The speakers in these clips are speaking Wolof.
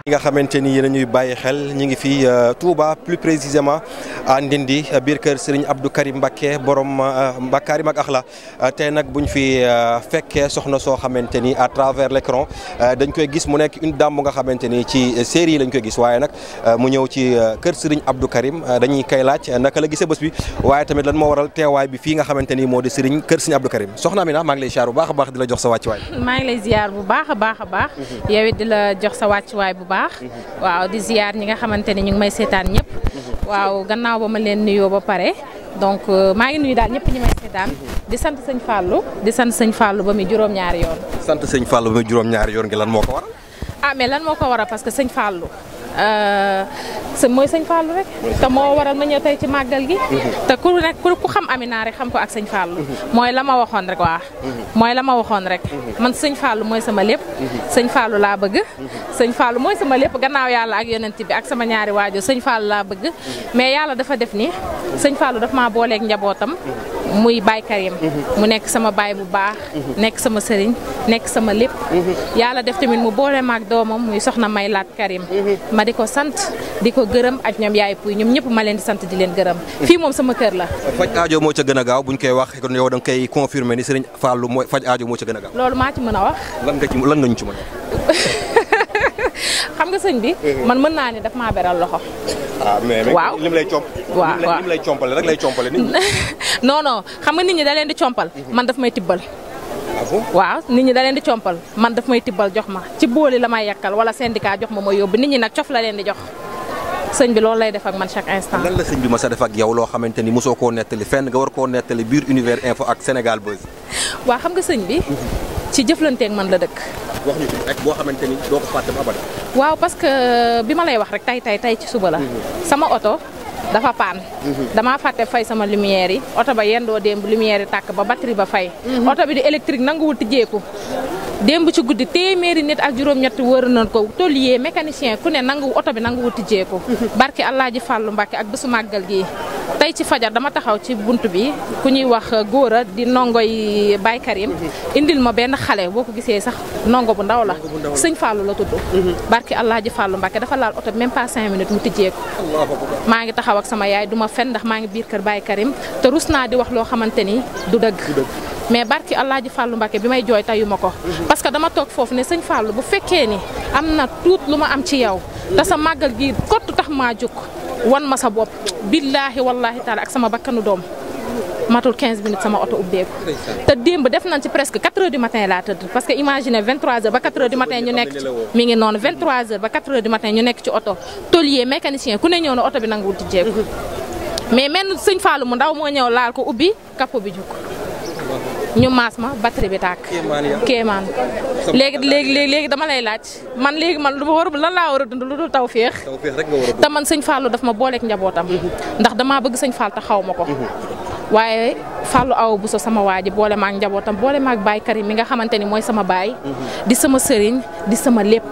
ñi nga xamante ni yéen ñuy bàyyi xel ñu ngi fi euh, Touba plus précisément à Ndindi biir kër Serigne Abdou Karim Mbacké borom euh, Mbakaarim ak Axla euh, tey nag buñ fi fekkee soxna soo xamante ni à travers l'écran dañ koy gis mu nekk une dame nga xamante ni ci série yi lañ koy gis waaye nag mu ñëw ci kër Serigne abdu Karim dañuy kay laaj naka la gisee bés bi waaye tamit lan moo waral teewaay bi fii nga xamante ni moo di Serigne kër Serigne Abdou Karim soxna Amina maa ngi lay ziar bu baax a baax la jox sa wàccuwaay. a a bu baax mhm. baax waaw di ziar ñi nga xamante ni ñu ngi may seetaan ñëpp waaw gannaaw ba ma leen nuyoo ba pare donc euh, maa ngi nuyu daal ñëpp ñi may seetaan di sant sañ Fallou di sant sañ Fallou ba muy juróom-ñaari yoon sant sëñ Fallou ba muy juróom-ñaari yoon ngi lan moo ko waral ah mais lan moo ko waral parce que sëñ Fallou Euh, sa mooy sëñ Fallou rek te moo waral ma ñëw tey ci màggal gi mm-hmm. te ku nekk ku xam Amina rek xam ko ak sëñ Fallou mm-hmm. mooy la ma waxoon rek waa mm-hmm. mooy la waxoon rek man sëñ Fallou mooy sama lépp sëñ Fallou laa bëgg sëñ Fallou mooy sama lépp gannaaw yàlla ak yonent bi ak sama ñaari waajur sëñ Fallou laa bëgg mais yàlla dafa def nii sëñ Fallou daf maa booleek njabootam muy Baye Karim mu nekk sama baay bu baax nekk sama sëriñ nekk sama lépp yàlla def tamit mu boole maag doomam muy soxna may laat Karim ma di ko sant di ko gërëm ak ñoom yaay puy ñoom ñëpp ma leen sant di leen gërëm fii moom sama kër la faj aajo moo ca gën a gaaw buñ koy wax kon yow da nga koy confirmer ni sëriñ Fallou mooy faj aajo moo ca gën a gaaw loolu maa ci mën a wax lan nga ci lan nga ñu ci mën xam nga sëñ bi. Mhm. man mën naa ne daf maa beral loxo. ah mais li mu lay comp. waaw waaw li lay compale rek lay compale nit ñi. non non xam nga nit ñi da leen di compal. Mhm. man dafa may tibbal. Ah, waaw nit ñi da di compal man daf may tibbal jox ma ci booli la may yakkal wala syndicat jox ma ma yóbbu nit ñi nag cof la leen di jox. sëñ bi loolu lay def ak man chaque instant. lan la sëñ bi ma sa def ak yow loo xamante ni mosoo koo nettali fenn nga war koo nettali biir univers info ak Sénégal Buzz. waa xam nga sëñ bi. Mhm. ci jëflanteeg man la dëkk. waaw parce que euh, bi ma lay wax rek tay tay tay ci suba la. Mhm. sama oto dafa paan. Mhm. damaa fàtte fay sama lumière yi oto ba yendoo démb lumière yi tàkk ba batterie ba fay. Mhm. oto bi di électrique nanguwul tijjeeku. démb ci guddi téeméeri nit ak juróom-ñetti wër na ko tôlier mécanicien ku ne nangu oto bi nanguwul tijjeeku. barki Alaaji Fàllu Mbàkke ak bésu màggal gii. tey ci fajar dama taxaw ci bunt bi ku ñuy wax góora di ndongoy Baye Karim indil ma benn xale boo ko gisee sax ndongo bu ndaw la sëñ fàllu la tudd mhm. barki allah ji Fallou Mbacke dafa laal oto même pas cinq minutes mu tijjee ko maa ngi taxaw ak sama yaay duma fen ndax maa ngi biir kër Baye Karim te rus naa di wax loo xamante ni du dëgg mais barki allah ji Fallou bi may jooy teyuma ko mhm. parce que dama toog foofu ne sëñ Fallou bu fekkee ni am na tuut lu ma am ci yow te sa màggal gi kott tax maa jóg wan ma sa bopp billaahi wallaahi taala ak sama bakkanu doom matul 15 minutes sama oto ubbeeku te démb def nañ ci presque 4 heures du matin laa tëdd parce que imaginez 23 heures ba 4 heures du matin ñu nekk ci oto tôlier mécanicien ku ne ñëw na oto bi nanguwul tijjeeku mhm. mais menn sëñ Fallou mu ndaw moo ñëw laal ko ubbi capot bi juk ñu maas ma batterie bi tàkk. kéemaan léegi léegi léegi dama lay laaj man léegi man lu ma war lan laa war a dund lu dul taw féex te man sañ Fallou daf ma booleek njabootam mm-hmm. ndax damaa bëgg sañ Fall te xaw ma ko mm-hmm. waaye Fallou Awa Bousso sama waa ji boole maag njabootam boole maag Baye Karim mi nga xamante ni mooy sama baay mm-hmm. di sama sëriñ di sama lépp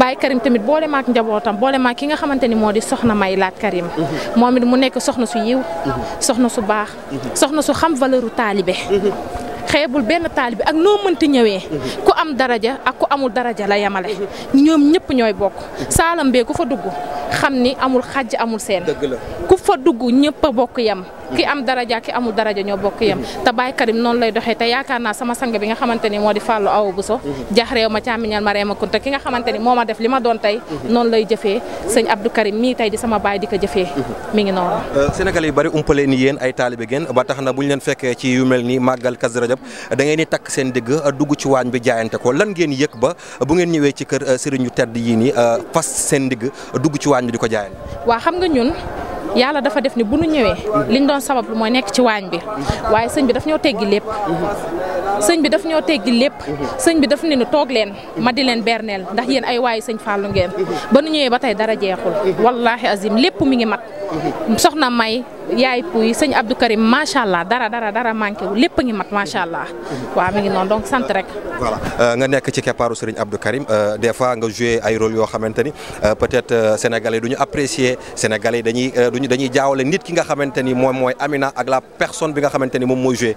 Baye Karim tamit boole ak njabootam boole ak ki nga xamante ni moo di soxna may laat Karim mhm. moom it mu nekk soxna su yiw mhm. soxna su baax mhm. soxna su xam valeuru taalibe xeebul benn taalibe ak noo mënti ñëwee am daraja ak ku amul daraja la yemale ñoom ñëpp ñooy bokk saalam bee ku fa dugg xam ni amul xàjj amul seen ku fa dugg ñëpp a bokk yem ki am daraja ki amul daraja ñoo bokk yem te Baye Karim noonu lay doxee te yaakaar naa sama sang bi nga xamante ni moo di Fallou Awa Bousso jax réew ma càmmiñal ma reema kunta ki nga xamante ni moo ma def li ma doon tey noonu lay jëfee sëñ Abdou Karim mii tey di sama baay di ko jëfee mu ngi noonu euh, Sénégal yi bari umpale ni yéen ba tax na bu ñu leen fekkee ci yu respecté ko lan ngeen yëg ba bu ngeen ñëwee ci kër euh, sëriñu tedd yii nii euh, fas seen ndigg dugg ci waañ bi di ko jaayal. waa xam nga ñun yàlla dafa def ni bu nu ñëwee liñ doon sabab lu mooy nekk ci waañ bi waaye sëñ bi daf ñoo teggi lépp sëñ bi daf ñoo teggi lépp sëñ bi daf ne nu toog leen ma di leen berneel ndax yéen ay waayu sëñ Fallou ngeen ba nu ñëwee ba tey dara jeexul wallaahi azim lépp mi ngi mat soxna May. yaay puy sëñ Abdou Karim macha allah dara dara dara manqué wu lépp a ngi mat macha allah. waaw mi ngi noonu donc sant rek. Euh, nga nekk ci keppaaru sëriñ Abdou Karim euh, des fois nga joué ay role yoo xamante ni euh, peut-être sénégalais du ñu apprécier sénégalais dañuy duñu dañuy jaawale nit ki nga xamante ni moom mooy Amina ak la personne bi nga xamante ni moom mooy joué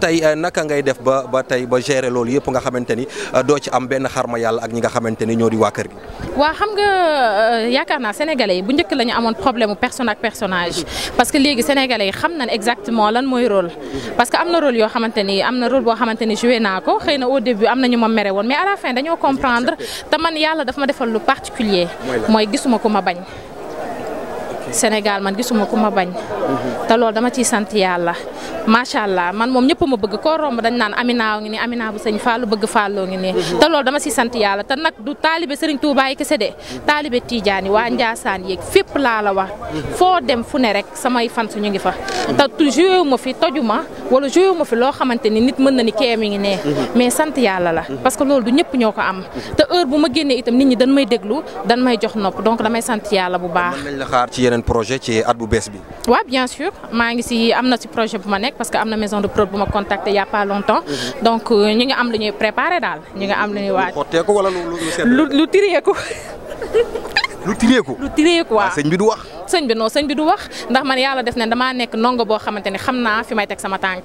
tey naka ngay def ba ba tey ba gérer loolu yëpp nga xamante ni doo ci am benn xar ma yàlla ak ñi nga xamante ni ñoo di waa kër gi. naa sénégalais bu léegi sénégalais yi xam nañ exactement lan mooy rôle parce que am na rôle yoo xamante ni am na rôle boo xamante ni joué naa ko xëy na au début am nañu ma mere woon mais à la fin dañoo comprendre te man yàlla dafa ma defal lu particulier mooy gisuma ko ma bañ Sénégal man gisuma ko ma bañ te loolu dama ciy sant yàlla macha allah man moom ñëpp ma bëgg koo romb dañ naan Amina ngi nii Amina bu sëñ Fallou bëgg Fallou ngi nii mhm. te loolu dama ciy sant yàlla te nag du taalibe Serigne Touba yi kese de mhm. taalibe Tidiane waa Ndiassane yeeg fépp laa la wax mhm. foo dem fu ne rek samay fan su ñu ngi fa te joué ma fi toju ma wala joué ma fi loo xamante ni nit mën na ni kee mi ngi nee mais sant yàlla la parce que loolu ñëpp ñoo ko am te heure bu ma génnee itam nit ñi dañ may déglu dañ may jox nopp donc damay sant yàlla bu baax mën nañ la xaar ci projet ci at bi bien sûr maa ngi si am na si projet bu ma nekk parce que am na maison de prod bu ma contacté il pas longtemps. Mhm. donc euh, ñu ngi am lu ñuy préparé daal ñu ngi am lu ñuy waaj. lu lu lu lu tireeku. lu tireeku. lu tireeku ah, waaw sëñ bi du wax. sëñ bi non sëñ bi du wax ndax man yàlla def ne damaa nekk ndongo boo xamante ni xam naa fi may teg sama tànk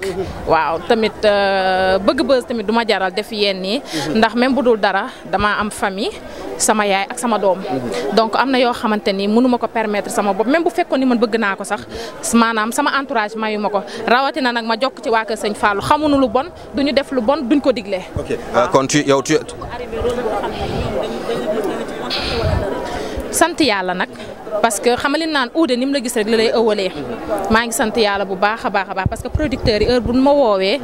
waaw tamit euh, bëgg bës tamit du ma jaral def yéen nii ndax même bu dul dara damaa am famille sama yaay ak sama doom donc am na yoo xamante ni mënuma ko permettre sama bopp même bu fekkoon ni man bëgg naa ko sax maanaam sama entourage yu ma ko rawatina nag ma jokk ci waa Kër Sëñ Fallou xamuñu lu bon duñu def lu bon duñ ko digle. ok euh, tu yow tu. sant yàlla nag. parce que xamali naan uude ni mu la gis rek la lay ëwalee mhm. maa ngi sant yàlla bu baax a baax a baax parce yi heure bu ma woowee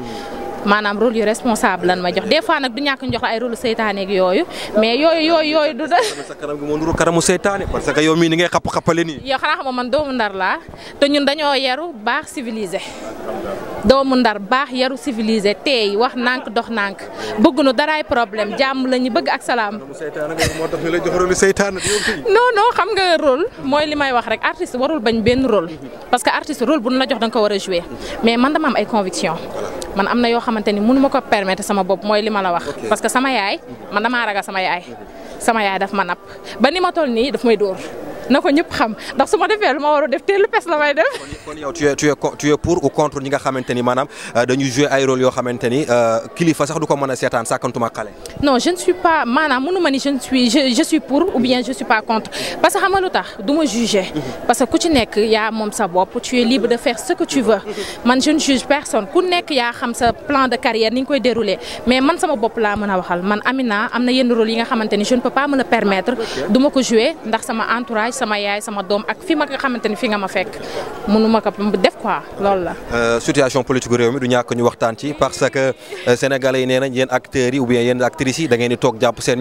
maanaam rôle yu responsable lan ma jox des fois nag du ñàkk jox la ay rôle seytaane yooyu mais yooyu yooyu yooyu du da sa que yow mii ni ngay xapp xappale nii laa te ñun dañoo yaru baax civilisé doomu ndar baax yaru civilisé teey wax nànk dox nànk bëgg nu daraay problème jàmm la ñu bëgg ak salaam non non xam nga rôle mooy li may wax rek artiste warul bañ benn rôle parce que artiste rôle bu la jox danga ko war a jouer mais man dama am ay conviction man am na yoo xam xamante ni mënu ma ko permettre sama bopp mooy li la wax. parce que sama yaay man damaa ragal sama yaay. sama yaay daf ma napp ba ni ma toll nii daf may dóor. na ko ñëpp xam ndax su ma defee lu ma war a def teel lu pes la may def. tu es pour ou contre ñi nga xamante ni maanaam euh, dañuy jouer ay rôle yoo xamante ni euh, kilifa sax du ko mën a seetaan sàkkantuma xale. non je ne suis pas maanaam mënu ma ni je ne suis pour ou bien je suis pas contre parce que lu tax du ma juger. Mhm. parce ku ci nekk yaa moom sa bopp tu es libre de faire ce que tu veux mhm. man je ne juge personne ku nekk yaa xam sa plan de carrière ni koy mais man sama bopp laa mën a waxal man Amina am na yenn rôle yi nga ni je ne peux pas me le permettre du ma ko jouer sama yaay sama doom ak fi ma nga fi nga ma fekk mënu ma def quoi loolu la. Euh, situation politique réew mi du ñàkk ñu waxtaan ci parce que euh, sénégalais yi nee nañ yéen yi ou bien yéen actrices yi da ngeen euh, wax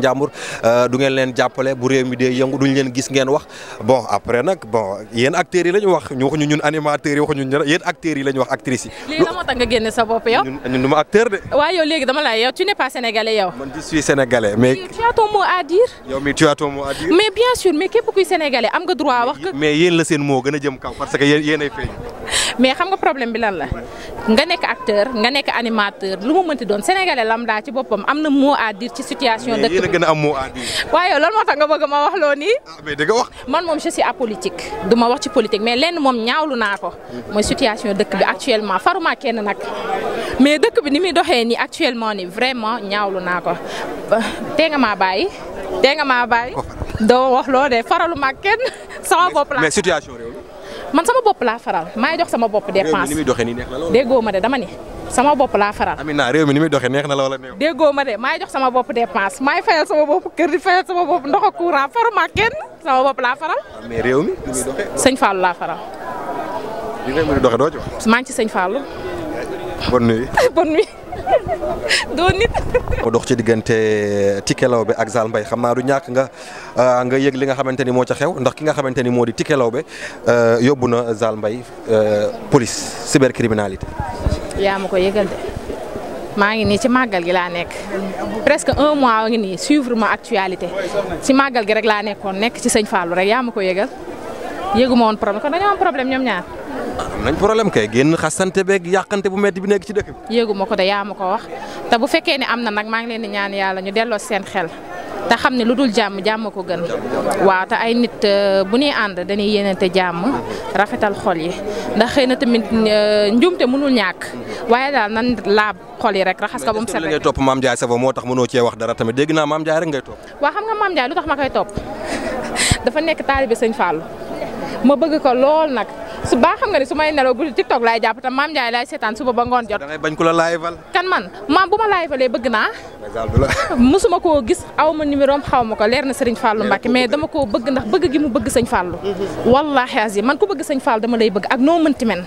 bon yi la ñu wax ñu la ñu wax actrices yi. lii moo tax nga génne sa bopp yow. ñun du ma de. waaw yow léegi dama la yow tu n'es pas sénégalais mais. bien sûr mais képp kuy sénégalais sénégalais am ga droit wax. mais yéen la seen moo gën a jëm kaw parce que yéen ay mais xam nga problème bi lan la nga nekk acteur nga nekk animateur lu ma mënti doon lam daa ci boppam am na mot à ci situation. dëkk bi mais yéen a gën am mot à waaye loolu moo tax nga bëgg wax loo nii. Ah, mais dëgg wax. man moom je suis apolitique wax ci politique mais lenn moom ñaawlu naa ko mooy situation dëkk bi actuellement faruma kenn nag mais dëkk bi ni muy doxee nii actuellement nii vraiment ñaawlu naa ko tee nga maa bàyyi tee nga maa bàyyi. doo wax loo de faralu ma kenn sama bopp laa. situation réew man sama bopp laa faral maay jox sama bopp dépense réew mi ni doxee nii neex na la ma de dama ni sama bopp laa faral. Amina réew ni muy doxee neex na la wala neex. déggoo ma de maay jox sama bopp dépense maay fayal sama bopp kër di fayal sama bopp ndox ak courant faru ma sama bopp laa faral. Ah, mais réew mi ni muy doxee. laa faral. li réew doo ci wax. maa ngi ci sëñ Fallou. bonne doo nit. ci diggante eh, Tické Laobé ak Zal Mbaye xam naa du ñàkk nga eh, nga yëg li nga xamante ni moo ca xew ndax ki nga xamante ni moo di Tické Laobé eh, yóbbu na Zal Mbaye police cybercriminalité. yaa ma ko yëgal de maa ngi nii ci màggal gi laa nekk presque un mois ngi nii suivre actualité ci màggal gi rek laa nekkoon nekk ci señ Fallou rek yaa ma ko yëgal yëgu woon problème kon dañoo am problème ñoom ñaar. am nañ problème kay génn xasante beeg yàqante bu metti bi nekk ci dëkk bi. yéegu ko de yaa ma ko wax te bu fekkee ne am na nag maa ngi leen di ñaan yàlla ñu delloo seen xel te xam ne lu dul jàmm jàmm ko gën waaw te ay nit euh, bu ñuy ànd dañuy yéenante jàmm rafetal xol yi ndax xëy na tamit euh, njuumte mënul ñàkk waaye daal nan laab xol yi rek raxas ko ba mu set rek ngay topp Mame Ndiaye Savon moo tax mënoo cee wax dara tamit dégg naa Mame Ndiaye rek ngay topp waaw xam nga Mame Ndiaye lu tax ma koy topp dafa nekk taalibe Sëñ Fallou ma bëgg ko lool nag su baax xam nga ni su may nelaw guddi TikTok laay jàpp te Mame Ndiaye laay seetaan suba ba ngoon jot. da ngay bañ ku la kan man maam bu ma laayivalee bëgg naa. musuma koo gis aw ma numéro am xaw ma ko leer na Serigne Fallou Mbacke mais dama koo bëgg ndax bëgg mu bëgg Serigne Fallou. Mm-hmm. wallaahi azim man ku bëgg Serigne Fallou dama lay bëgg ak noo mënti men.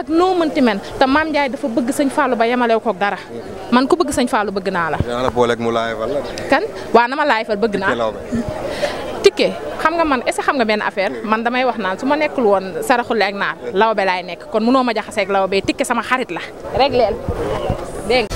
ak noo mënti men te Mame Ndiaye dafa bëgg sëñ Fallou ba yemalew kook dara man ku bëgg sëñ Fallou bëgg naa la. yaa mu laayfal la. kan waa na ma laayfal bëgg naa. dikkee xam nga man est-ce que xam nga benn affaire man damay wax naan su ma nekkul woon saraxule ak naar lawbe laay nekk kon mënoo ma jaxaseeg lawbe tikke sama xarit la rek leel dégg